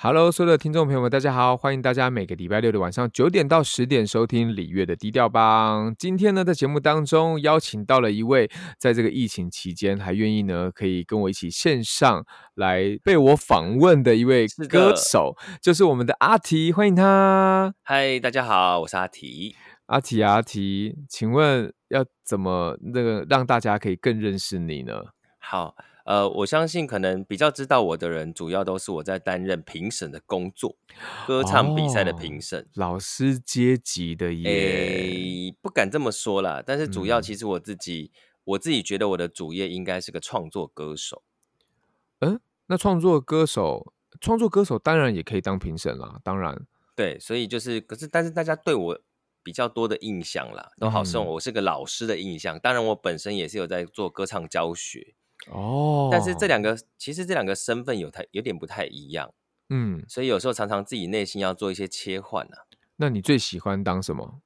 Hello，所有的聽眾朋友們，大家好！歡迎大家每個禮拜六的晚上九點到十點收聽李岳的 D 調幫。今天呢，在節目當中邀請到了一位在這個疫情期間還願意呢，可以跟我一起線上來被我訪問的一位歌手，是的。就是我們的阿堤，歡迎他。嗨，大家好，我是阿堤，阿堤阿堤，請問要怎麼那個讓大家可以更認識你呢？好。呃，我相信可能比較知道我的人，主要都是我在擔任評審的工作，歌唱比賽的評審。哦，老師階級的耶。欸，不敢這麼說啦。但是主要其實我自己，嗯、我自己覺得我的主業應該是個創作歌手。嗯、欸，那創作歌手，創作歌手當然也可以當評審啦，當然對。所以就是，可是但是大家對我比較多的印象啦，都好像、嗯、我是個老師的印象。當然我本身也是有在做歌唱教學。哦，但是這兩個其實這兩個身份，有太有點不太一樣，嗯，所以有時候常常自己內心要做一些切換呢、啊。那你最喜歡當什麼？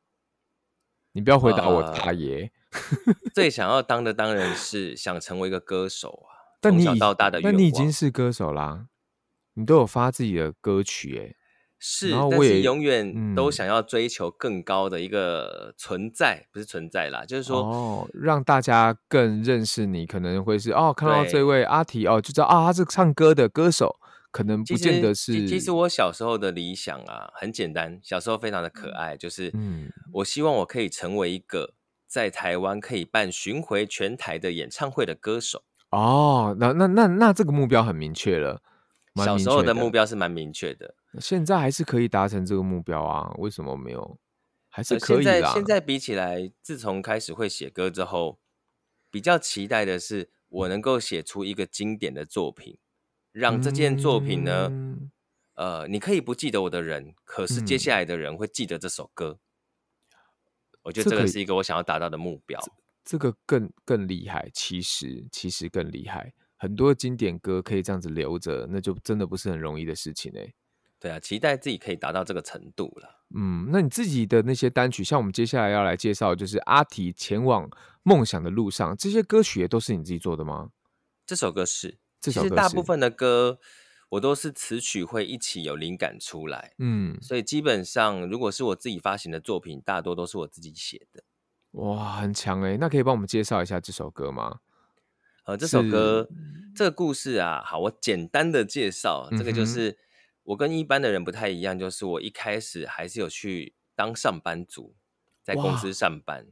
你不要回答我大，大爺、啊、 最想要當的當然是想成為一個歌手啊。但你但你已經是歌手啦、啊，你都有發自己的歌曲哎、欸。是，我也但是永遠都想要追求更高的一個存在，嗯、不是存在啦，就是說，哦，讓大家更認識你，可能會是哦，看到這位阿堤對哦，就知道啊、哦，他是唱歌的歌手，可能不見得是其其。其實我小時候的理想啊，很簡單，小時候非常的可愛，就是、嗯、我希望我可以成為一個在台灣可以辦巡迴全台的演唱會的歌手。哦，那那那那這個目標很明確了，確小時候的目標是蠻明確的。現在還是可以達成這個目標啊？為什麼沒有？還是可以啦、啊呃。現在比起來，自從開始會寫歌之後，比較期待的是我能夠寫出一個經典的作品，讓這件作品呢，嗯、呃，你可以不記得我的人，可是接下來的人會記得這首歌。嗯、我覺得這個是一個我想要達到的目標。這個、這，這個更更厲害，其實其實更厲害。很多經典歌可以這樣子留着，那就真的不是很容易的事情呢、欸。對啊，期待自己可以達到這個程度了。嗯，那你自己的那些單曲，像我們接下來要來介紹，就是《阿提前往夢想的路上》，這些歌曲也都是你自己做的嗎？這首歌是，其實大部分的歌，歌我都是詞曲會一起有靈感出來。嗯，所以基本上如果是我自己發行的作品，大多都是我自己寫的。哇，很強耶！那可以幫我們介紹一下這首歌嗎？呃，這首歌是這個故事啊，好，我簡單的介紹，嗯、哼這個就是。我跟一般的人不太一樣，就是我一開始還是有去當上班族，在公司上班，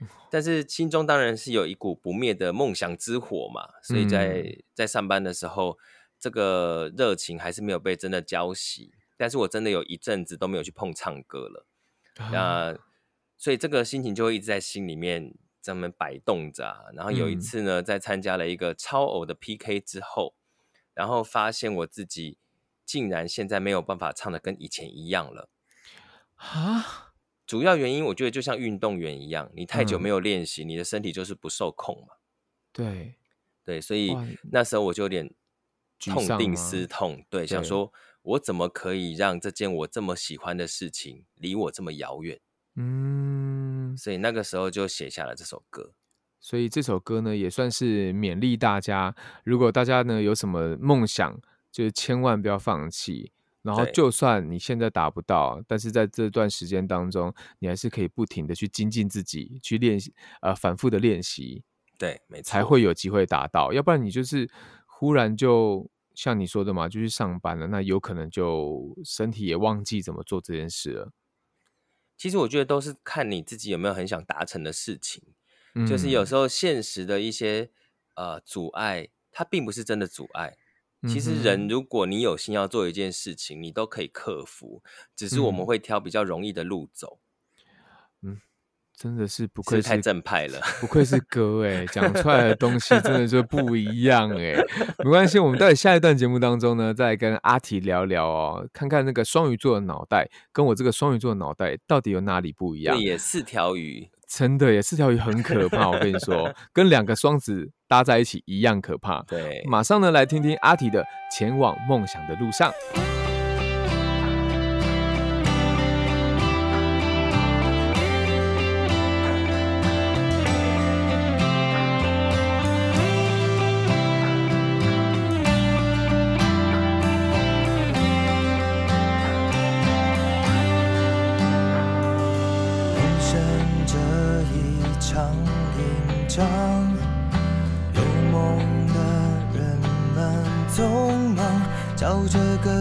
哇但是心中當然是有一股不滅的夢想之火嘛，所以在、嗯、在上班的時候，這個熱情還是沒有被真的澆熄。但是我真的有一陣子都沒有去碰唱歌了、啊、那所以這個心情就會一直在心裡面這麼擺動着、啊。然後有一次呢，在參加了一個超偶的 PK 之後，然後發現我自己。竟然現在沒有辦法唱的跟以前一樣了啊！主要原因我覺得就像運動員一樣，你太久沒有練習，你的身體就是不受控嘛。對，對，所以那時候我就有點痛定思痛，對，想說我怎麼可以讓這件我這麼喜歡的事情離我這麼遙遠？嗯，所以那個時候就寫下了這首歌。所以這首歌呢，也算是勉勵大家，如果大家呢有什麼夢想。就是千萬不要放棄，然後就算你現在達不到，對但是在這段時間當中，你還是可以不停的去精進自己，去練習，呃，反復的練習，對，沒錯，才會有機會達到。要不然你就是忽然就像你說的嘛，就去上班了，那有可能就身體也忘記怎麼做這件事了。其實我覺得都是看你自己有沒有很想達成的事情，嗯、就是有時候現實的一些呃阻礙，它並不是真的阻礙。其實人，如果你有心要做一件事情，你都可以克服。只是我們會挑比較容易的路走。嗯，真的是不愧是，是不是太正派了，不愧是哥誒，講出來的東西真的就不一樣哎。 沒關係，我們在下一段節目當中呢，再跟阿堤聊聊哦，看看那個雙魚座的腦袋跟我這個雙魚座的腦袋到底有哪裡不一樣。也四條魚，真的也四條魚很可怕，我跟你說，跟兩個雙子。搭在一起一樣可怕。對，馬上呢來聽聽阿提的《前往夢想的路上》。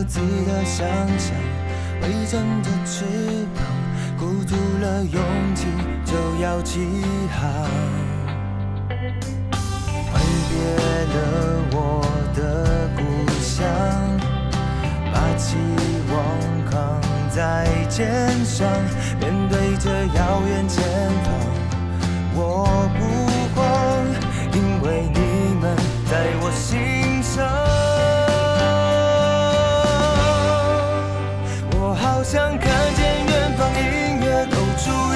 獨自的想象，微張的翅膀，鼓足了勇氣就要起航，揮 別了我的故鄉，把期望扛在肩上， 面對着遙遠前方，我不慌，因為你們在我心。好像看見遠方，音樂。露出。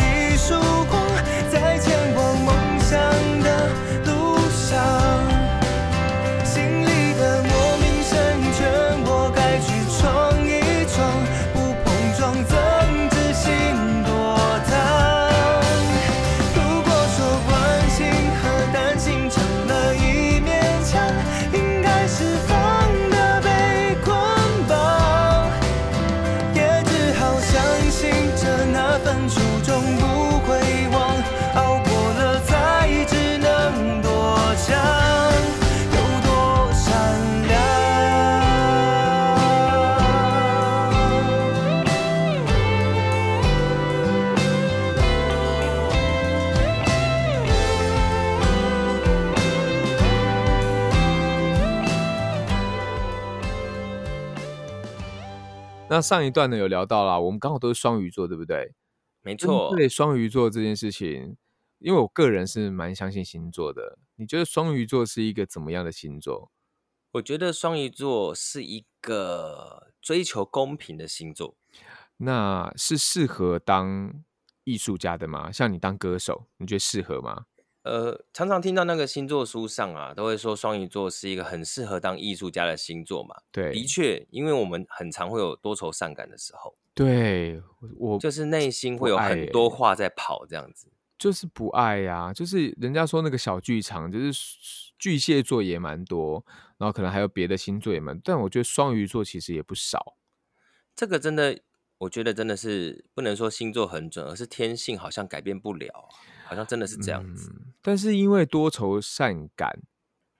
那上一段呢，有聊到啦，我們剛好都是雙魚座，對不對？沒錯。對，雙魚座這件事情，因為我個人是蠻相信星座的。你覺得雙魚座是一個怎麼樣的星座？我覺得雙魚座是一個追求公平的星座。那是適合當藝術家的嗎？像你當歌手，你覺得適合嗎？呃，常常聽到那個星座書上啊，都會說雙魚座是一個很適合當藝術家的星座嘛。對，的確，因為我們很常會有多愁善感的時候。對，我、欸、就是內心會有很多話在跑，這樣子。就是不愛呀、啊，就是人家說那個小劇場，就是巨蟹座也蠻多，然後可能還有別的星座也蠻，但我覺得雙魚座其實也不少。這個真的。我覺得真的是不能說星座很準，而是天性好像改變不了，好像真的是這樣子。嗯、但是因為多愁善感，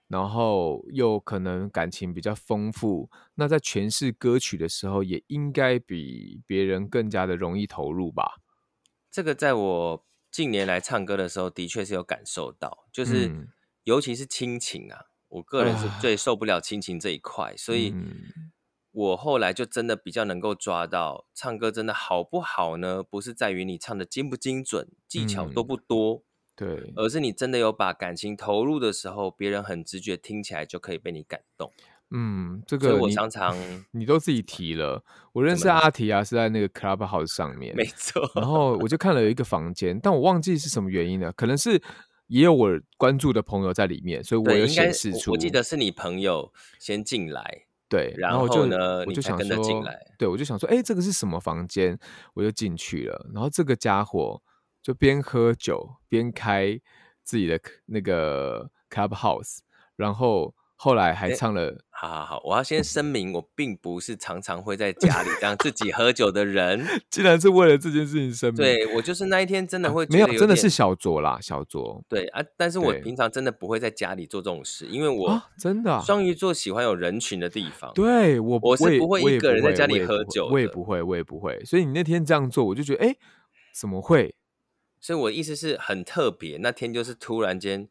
然後又可能感情比較豐富，那在詮釋歌曲的時候，也應該比別人更加的容易投入吧？這個在我近年來唱歌的時候，的確是有感受到，就是、嗯、尤其是親情啊，我個人是最受不了親情這一塊，唉、所以。嗯我後來就真的比較能夠抓到唱歌真的好不好呢？不是在於你唱得精不精準，技巧多不多，嗯、對，而是你真的有把感情投入的時候，別人很直覺聽起來就可以被你感動。嗯，這個所以我常常你都自己提了。我認識阿堤啊麼是在那個 Club House 上面，沒錯。然後我就看了有一個房間， 但我忘記是什麼原因了。可能是也有我關注的朋友在裡面，所以我有顯示出。我，我記得是你朋友先進來。對，然後我就後呢我就想說，對我就想說，哎、欸，這個是什麼房間？我就進去了，然後這個家伙就邊喝酒邊開自己的那個 clubhouse，然後。後來還唱了，欸。好好好，我要先聲明，我並不是常常會在家裡讓自己喝酒的人。竟 然是為了這件事情聲明，對，我就是那一天真的會有、啊、沒有，真的是小酌啦，小酌。對啊，但是我平常真的不會在家裡做這種事，因為我、啊、真的雙、啊、魚座喜歡有人群的地方。對我不，我是不會一個人在家裡喝酒我。我也不會，我也不會。所以你那天這樣做，我就覺得，哎、欸，怎麼會？所以我意思是很特別，那天就是突然間。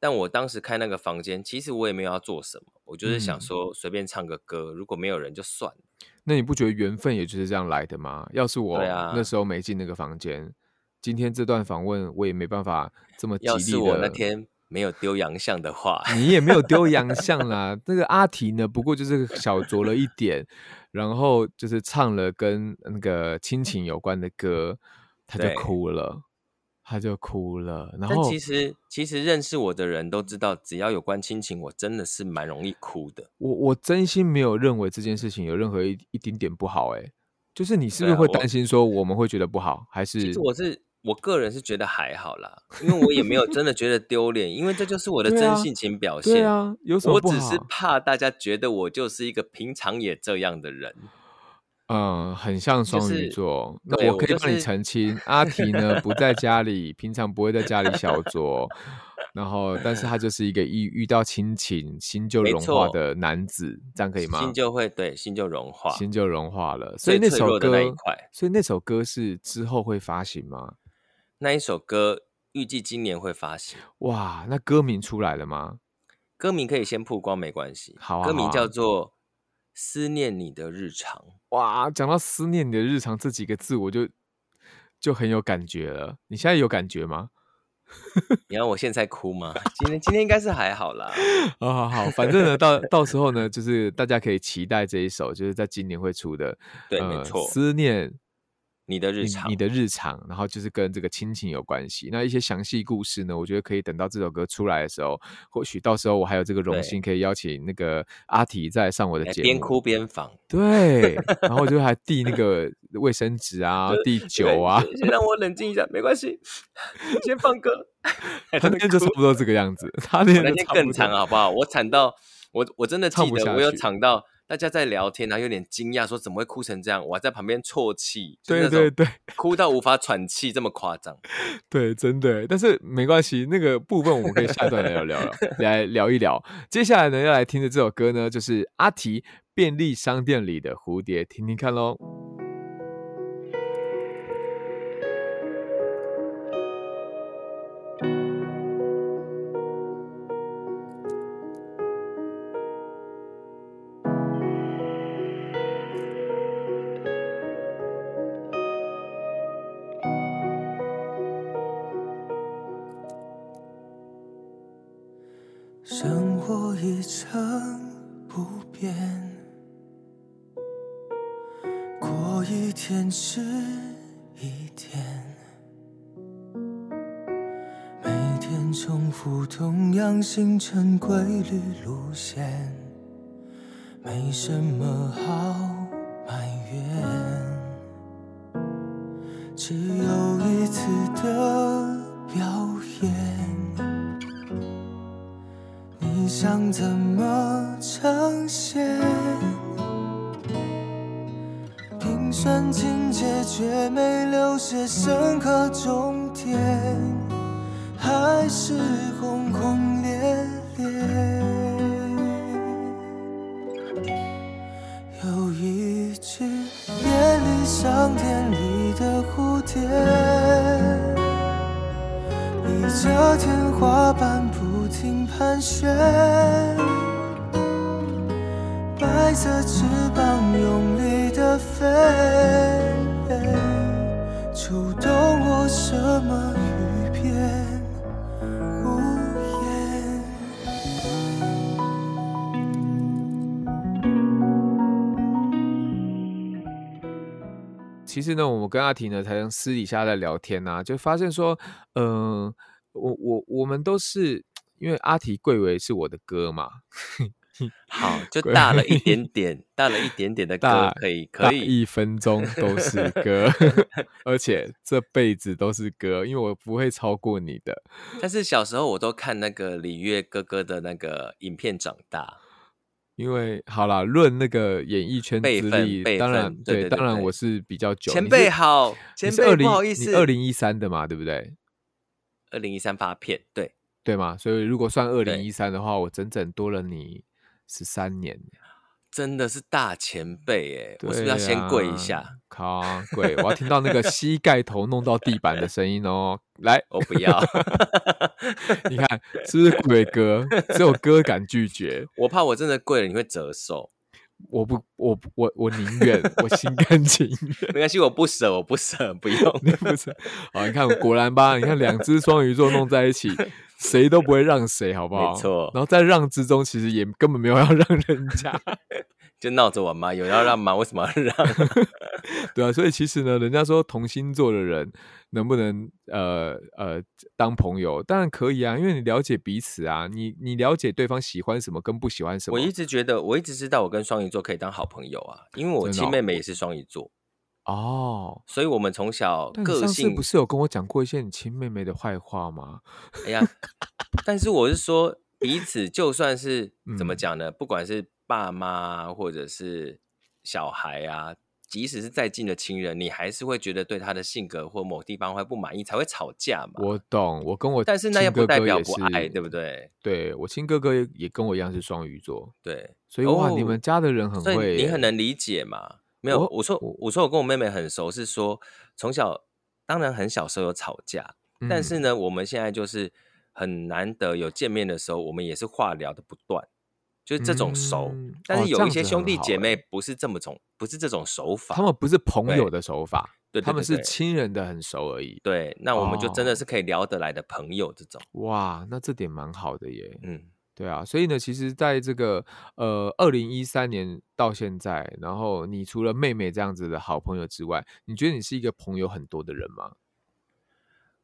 但我當時開那個房間，其實我也沒有要做什麼，我就是想說隨便唱個歌，嗯、如果沒有人就算了。那你不覺得緣分也就是這樣來的嗎？要是我、啊、那時候沒進那個房間，今天這段訪問我也沒辦法這麼。要是我那天沒有丟洋相的話， 你也沒有丟洋相啦。那個阿提呢，不過就是小酌了一點， 然後就是唱了跟那個親情有關的歌，他就哭了。他就哭了，然後但其實其實認識我的人都知道，只要有關親情，我真的是蠻容易哭的。我我真心沒有認為這件事情有任何一一丁點，點不好，欸，誒。就是你是不是會擔心說我們會覺得不好，啊、還是？其實我是我個人是覺得還好啦，因為我也沒有真的覺得丟臉， 因為這就是我的真性情表現。對啊，對啊，有什麼不好？我只是怕大家覺得我就是一個平常也這樣的人。嗯，很像雙魚座。那我可以幫你澄清，阿提呢，不在家裡，平常不會在家裡小酌。然後，但是他就是一個一遇到親情心就融化的男子，這樣可以嗎？心就會，對，心就融化，心就融化了。所以那首歌，所以那首歌是之後會發行嗎？那一首歌預計今年會發行。哇，那歌名出來了嗎？歌名可以先曝光，沒關係。好啊，歌名叫做。思念你的日常，哇！講到思念你的日常這幾個字，我就就很有感覺了。你現在有感覺嗎？你讓我現在哭嗎？ 今天今天應該是還好啦。好好，好，反正呢， 到到時候呢，就是大家可以期待這一首，就是在今年會出的。對，呃、沒錯，思念。你的日常你，你的日常，然後就是跟這個親情有關係。那一些詳細故事呢？我覺得可以等到這首歌出來的時候，或許到時候我還有這個榮幸，可以邀請那個阿堤再上我的節目。邊哭邊訪，對， 然後就還遞那個衛生紙啊，遞酒、就是、啊。先讓我冷靜一下，沒關係，先放歌。 他那天差不多這個樣子，他那個那天更慘，好不好？我慘到我我真的我唱不下，我又唱到。大家在聊天，然後有點驚訝，說怎麼會哭成這樣？我在旁邊啜泣，對對對，哭到無法喘氣，這麼誇張，對，對，對， 對，真的。但是沒關係，那個部分我們可以下一段來聊聊，來 聊一聊。接下來呢，要來聽的這首歌呢，就是阿提便利商店裡的蝴蝶，聽聽看嘍。成不變，過一天是一天，每天重複同樣行程規律路線，沒什麼好卻沒留下深刻終點，還是轟轟烈烈。有一隻夜裡上天裡的蝴蝶，倚着天花板不停盤旋，白色翅膀用力的飛。我什麼語片無言？其實呢，我們跟阿堤呢，才能私底下在聊天吶、啊，就發現說，嗯、呃，我我我們都是因為阿堤貴為是我的哥嘛。呵呵好，就大了一點點，大了一點點的歌，可以，可以，一分鐘都是歌，而且這輩子都是歌，因為我不會超過你的。但是小時候我都看那個李岳哥哥的那個影片長大，因為好了，論那個演藝圈資歷，當然對，當然我是比較久，前輩好，前輩不好意思，二零一三的嘛，對不對？二零一三發片，對對嘛，所以如果算二零一三的話，我整整多了你。十三年，真的是大前輩哎！啊、我是不是要先跪一下？好，跪！我要聽到那個膝蓋頭弄到地板的聲音哦。 來，我不要。 你看，是不是鬼哥只有哥敢拒絕？ 我怕我真的跪了，你會折壽。我不，我我我寧願， 我心甘情。 沒關係，我不捨，我不捨，不用，你不捨。好，你看，果然吧？你看，兩隻雙魚座弄在一起。誰都不會讓誰，好不好？沒錯，然後在讓之中，其實也根本沒有要讓人家， 就鬧着玩嘛。有要讓嗎？為什 麼要讓啊？ 對啊，所以其實呢，人家說同星座的人能不能呃呃當朋友？當然可以啊，因為你了解彼此啊，你你了解對方喜歡什麼跟不喜歡什麼。我一直覺得，我一直知道我跟雙魚座可以當好朋友啊，因為我親妹妹也是雙魚座。哦，oh, 所以我們從小個性，你不是有跟我講過一些你親妹妹的壞話嗎？ 哎呀，但是我是說，彼此就算是、嗯、怎麼講呢？不管是爸媽或者是小孩啊，即使是再近的親人，你還是會覺得對他的性格、或某地方會不滿意，才會吵架嘛。我懂，我跟我哥哥是，但是那也不代表不愛，對不對？對，我親哥哥也跟我一樣是雙魚座，對，所以哇，哦、你們家的人很會，所以你很能理解嘛。沒有，我說我，我，我說我跟我妹妹很熟，是說從小當然很小時候有吵架，嗯、但是呢，我們現在就是很難得有見面的時候，我們也是話聊的不斷，就是這種熟。嗯、但是有一些兄弟姐妹、哦、欸、不是這麼種，不是這種熟法，他們不是朋友的熟法，對，對對對對他們是親人的很熟而已。對，那我們就真的是可以聊得來的朋友這種。哦、哇，那這點蠻好的耶，嗯。對啊，所以呢，其實，在這個呃，二零一三年到現在，然後你除了妹妹這樣子的好朋友之外，你覺得你是一個朋友很多的人嗎？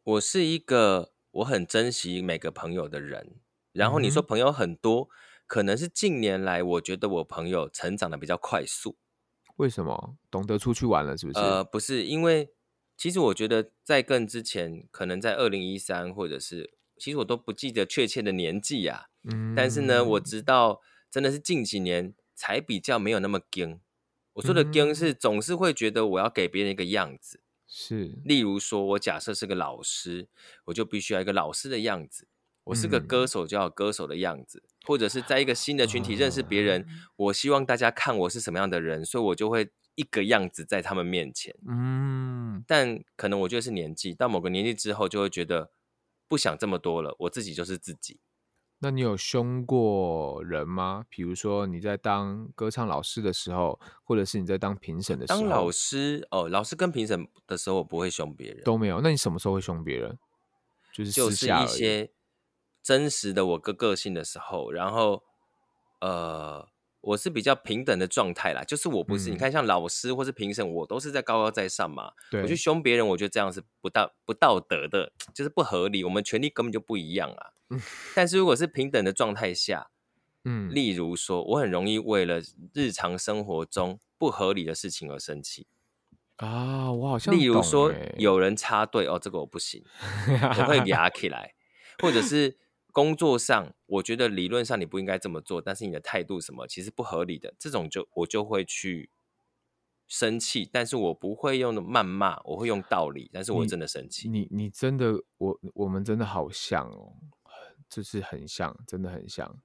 我是一個我很珍惜每個朋友的人。然後你說朋友很多，嗯、可能是近年來我覺得我朋友成長得比較快速。為什麼？懂得出去玩了，是不是？呃，不是，因為其實我覺得在更之前，可能在二零一三或者是，其實我都不記得確切的年紀啊。但是呢，我直到真的是近幾年才比較沒有那麼跟。我說的跟是，總是會覺得我要給別人一個樣子。是，例如說我假設是個老師，我就必須要一個老師的樣子；我是個歌手，就要歌手的樣子。嗯、或者是在一個新的群體認識別人，哦、我希望大家看我是什麼樣的人，所以我就會一個樣子在他們面前。嗯，但可能我覺得是年紀到某個年紀之後，就會覺得不想這麼多了，我自己就是自己。那你有兇過人嗎？比如說你在當歌唱老師的時候，或者是你在當評審的時候？當老師哦，老師跟評審的時候我不會兇別人。都沒有？那你什麼時候會兇別人？就是私下就是一些真實的我個個性的時候，然後呃。我是比較平等的狀態啦，就是我不是、嗯、你看像老師或是評審，我都是在高高在上嘛。對我去兇別人，我覺得這樣是不道不道德的，就是不合理。我們權力根本就不一樣啊。嗯、但是如果是平等的狀態下，嗯、例如說我很容易為了日常生活中不合理的事情而生氣。啊，我好像、欸。例如說，有人插隊哦，這個我不行， 我會兩起來，或者是。工作上，我覺得理論上你不應該這麼做，但是你的態度什麼，其實不合理的，這種就我就會去生氣，但是我不會用謾罵，我會用道理，但是我真的生氣。你你，你真的，我我們真的好像哦，就是很像，真的很像。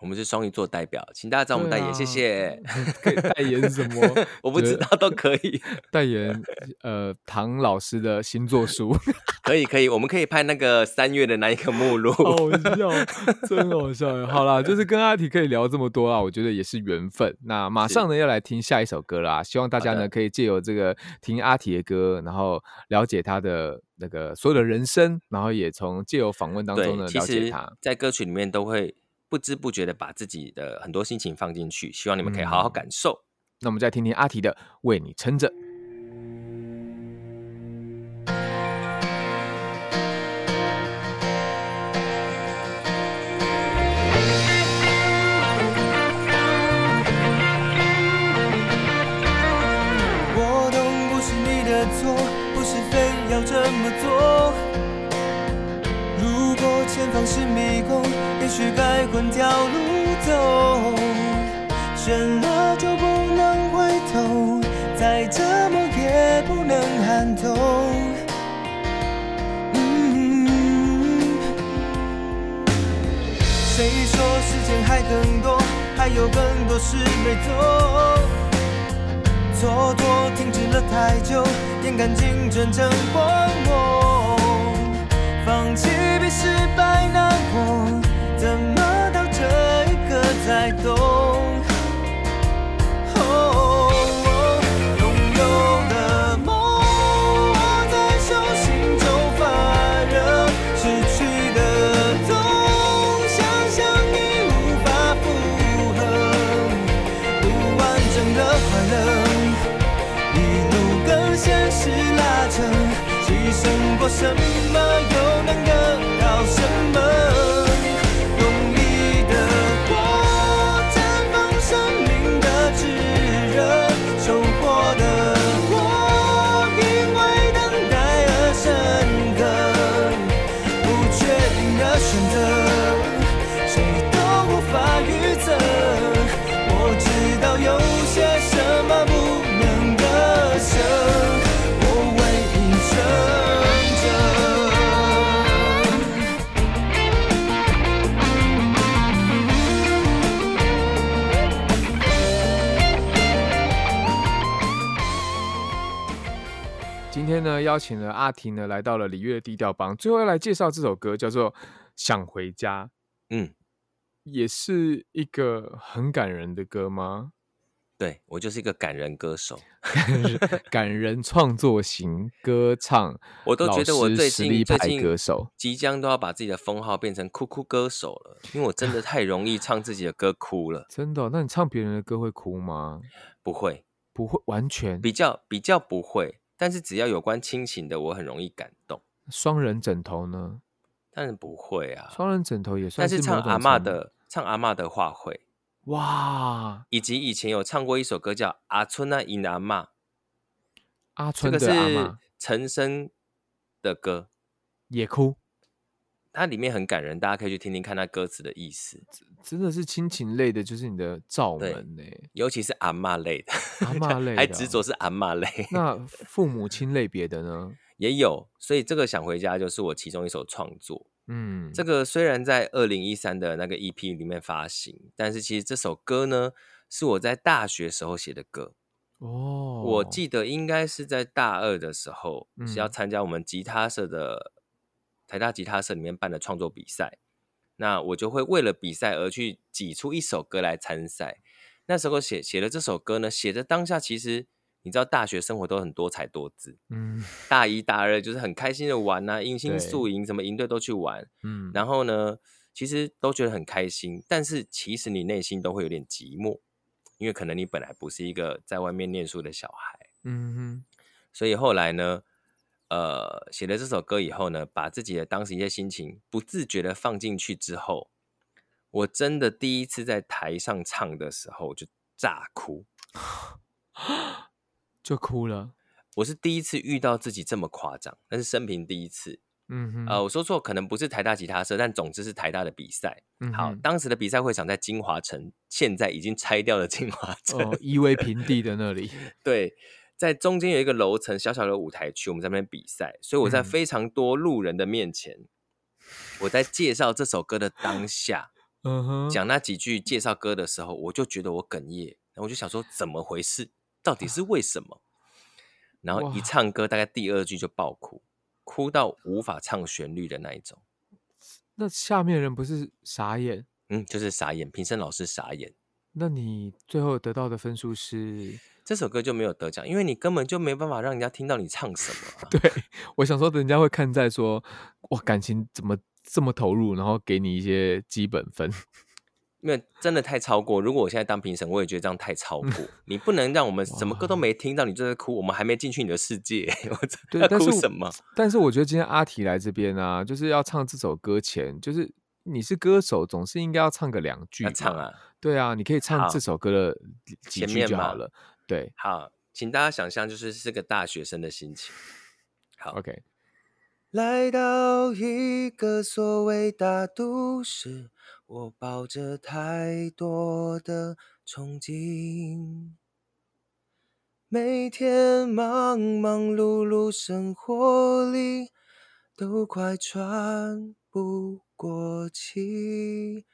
我們是雙魚座代表，請大家找我們代言，啊、謝謝。可以代言什麼？ 我不知道，都可以。代言呃，唐老師的星座書， 可以可以，我們可以拍那個三月的那一個目錄。好笑，真好笑， 好啦，就是跟阿堤可以聊這麼多啊，我覺得也是緣分。那馬上呢是要來聽下一首歌啦，希望大家呢的可以借由這個聽阿堤的歌，然後了解他的那個所有的人生，然後也從借由訪問當中呢對了解他，在歌曲裡面都會。不知不覺的把自己的很多心情放進去，希望你們可以好好感受。嗯，那我們再聽聽阿提的《為你撐着》。犧牲過什麼，又能得到什麼？今天呢，邀請了阿堤呢，來到了李岳的 D 調幫，最後要來介紹這首歌，叫做《想回家》。嗯，也是一個很感人的歌嗎？對我就是一個感人歌手， 感人創作型歌唱， 我都覺得我最近實力派歌手，即將都要把自己的封號變成“哭哭歌手”了，因為我真的太容易唱自己的歌哭了。 真的。哦？那你唱別人的歌會哭嗎？不會，不會，完全比較比較不會。但是只要有關親情的，我很容易感動。雙人枕頭呢？當然不會啊。雙人枕頭也算是某種程度，但是唱阿嬤的，唱阿嬤的話會哇，以及以前有唱過一首歌叫《阿春仔伊阿嬤》。阿春的阿嬤，這個是陳昇的歌，也哭。它裡面很感人，大家可以去聽聽看它歌詞的意思。真的是親情類的，就是你的罩門呢、欸，尤其是阿嬤類的，阿嬤類的還執着是阿嬤類。那父母親類別的呢，也有。所以這個想回家就是我其中一首創作。嗯，這個雖然在二零一三的那個 EP 裡面發行，但是其實這首歌呢是我在大學時候寫的歌。哦，我記得應該是在大二的時候是要參加我們吉他社的。台大吉他社裡面辦的創作比賽，那我就會為了比賽而去擠出一首歌來參賽。那時候寫寫了這首歌呢，寫的當下其實你知道，大學生活都很多彩多姿，嗯，大一、大二就是很開心的玩啊，迎新宿營，什麼營隊都去玩，嗯，然後呢，其實都覺得很開心，但是其實你內心都會有點寂寞，因為可能你本來不是一個在外面念書的小孩，嗯哼，所以後來呢。呃，寫了這首歌以後呢，把自己的當時一些心情不自覺的放進去之後，我真的第一次在台上唱的時候就炸哭，就哭了。我是第一次遇到自己這麼誇張，但是生平第一次。嗯哼，呃，我說錯，可能不是台大吉他社，但總之是台大的比賽。嗯哼，好，當時的比賽會場在京華城，現在已經拆掉了京華城，夷為、哦、平地的那裡。 對。在中間有一個樓層小小的舞台區，我們在那邊比賽，所以我在非常多路人的面前，嗯、我在介紹這首歌的當下，嗯哼，講那幾句介紹歌的時候，我就覺得我哽咽，然後我就想說怎麼回事，到底是為什麼？啊、然後一唱歌，大概第二句就爆哭，哇哭到無法唱旋律的那一種。那下面人不是傻眼？嗯，就是傻眼，評審老師傻眼。那你最後得到的分數是？這首歌就沒有得獎，因為你根本就沒辦法讓人家聽到你唱什麼啊。對，我想說，人家會看在說，哇，感情怎麼這麼投入，然後給你一些基本分，因為真的太超過。如果我現在當評審，我也覺得這樣太超過。嗯、你不能讓我們什麼歌都沒聽到，哇你就在哭，我們還沒進去你的世界。對， 哭，但是什麼？但是我覺得今天阿提來這邊啊，就是要唱這首歌前，就是你是歌手，總是應該要唱個兩句，唱啊，對啊，你可以唱這首歌的前面就好了。對，好，請大家想象，就是這個大學生的心情。好，OK。來到一個所謂大都市，我抱着太多的憧憬，每天忙忙碌碌，生活裡都快喘不過氣，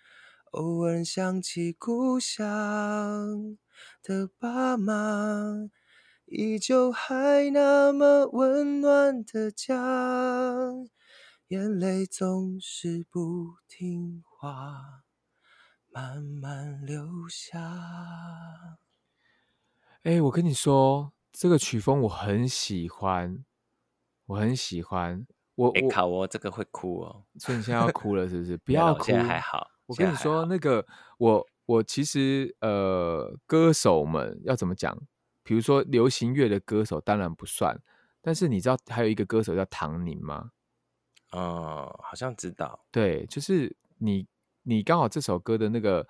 偶爾想起故鄉。的爸媽依舊還那麼溫暖的家，眼淚總是不聽話，慢慢流下。哎、欸，我跟你說，這個曲風我很喜歡，我很喜歡。我我、欸、靠、我這個會哭哦，所以你現在要哭了是不是？ 不要哭，現在還好。我跟你說，那個我。我其實呃，歌手們要怎麼講？比如說流行樂的歌手當然不算，但是你知道還有一個歌手叫唐寧嗎？哦，好像知道。對，就是你你剛好這首歌的那個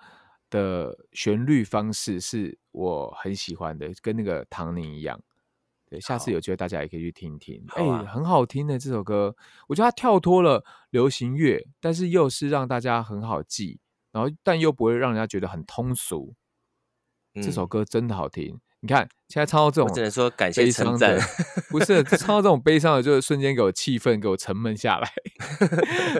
的旋律方式是我很喜歡的，跟那個唐寧一樣。對，下次有機會大家也可以去聽聽。哎、啊欸，很好聽的這首歌，我覺得它跳脫了流行樂，但是又是讓大家很好記。然後，但又不會讓人家覺得很通俗。嗯、這首歌真的好聽，你看。現在唱到這種，只能說感謝稱讚，不是唱到這種悲傷的，就是瞬間給我氣氛給我沉悶下來。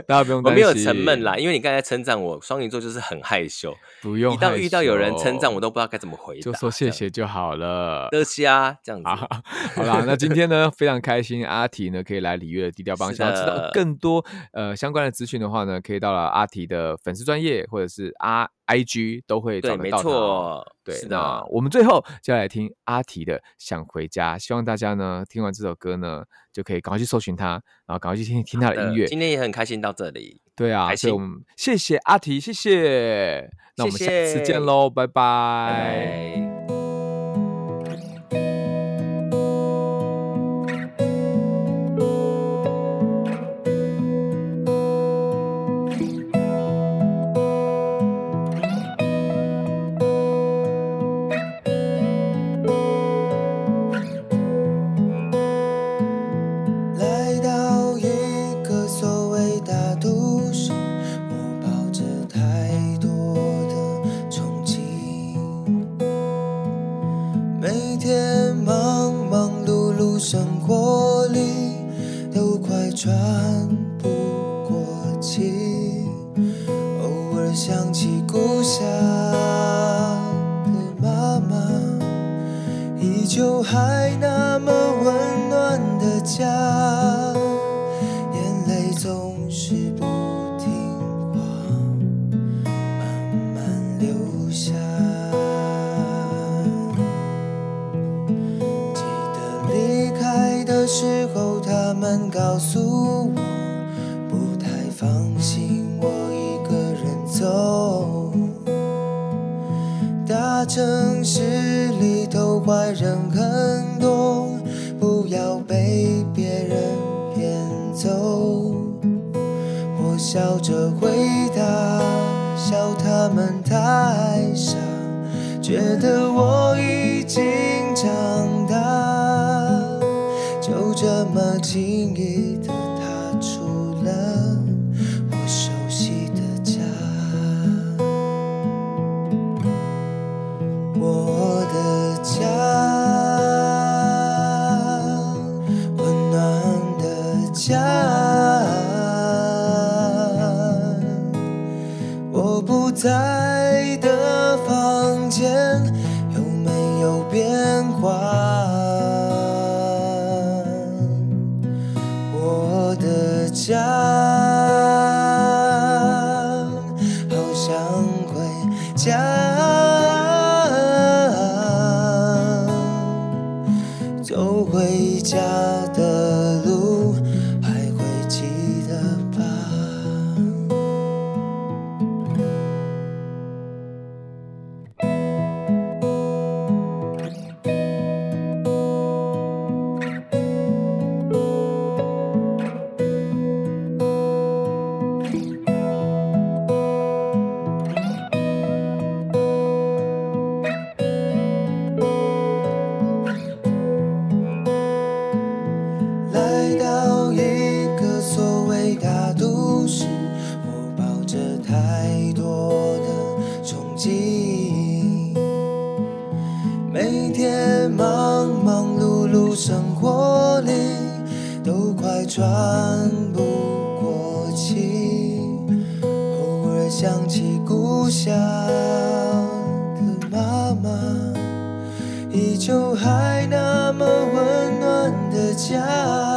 大家不用擔心，我沒有沉悶啦，因為你剛才稱讚我，雙魚座就是很害羞，不用。一到遇到有人稱讚我，都不知道該怎麼回答，就說謝謝就好了，得瑟啊，這樣子。好了，那今天呢，非常開心，阿提呢可以來李岳的 D 調幫，想要知道更多呃相關的資訊的話呢，可以到了阿提的粉絲專頁或者是阿 IG 都會找得到。對，沒錯，對。是的。我們最後就要來聽阿。阿堤的想回家，希望大家呢聽完這首歌呢，就可以趕快去搜尋他，然後趕快去聽的聽他的音樂。今天也很開心到這裡，對啊，還是我們心謝謝阿堤，謝謝，謝謝，那我們下次見嘍，拜拜。要被別人騙走，我笑着回答，笑他們太傻，覺得我已經長大，就這麼輕易的。有回家的。依舊還那麼溫暖的家。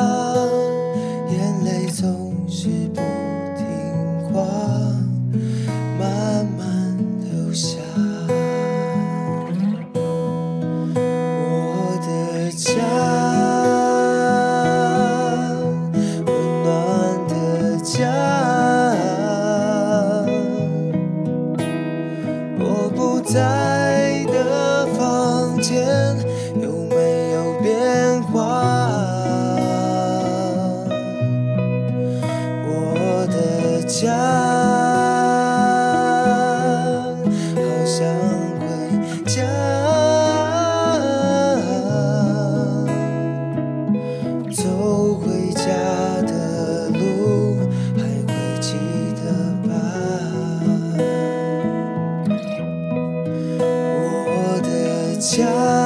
家。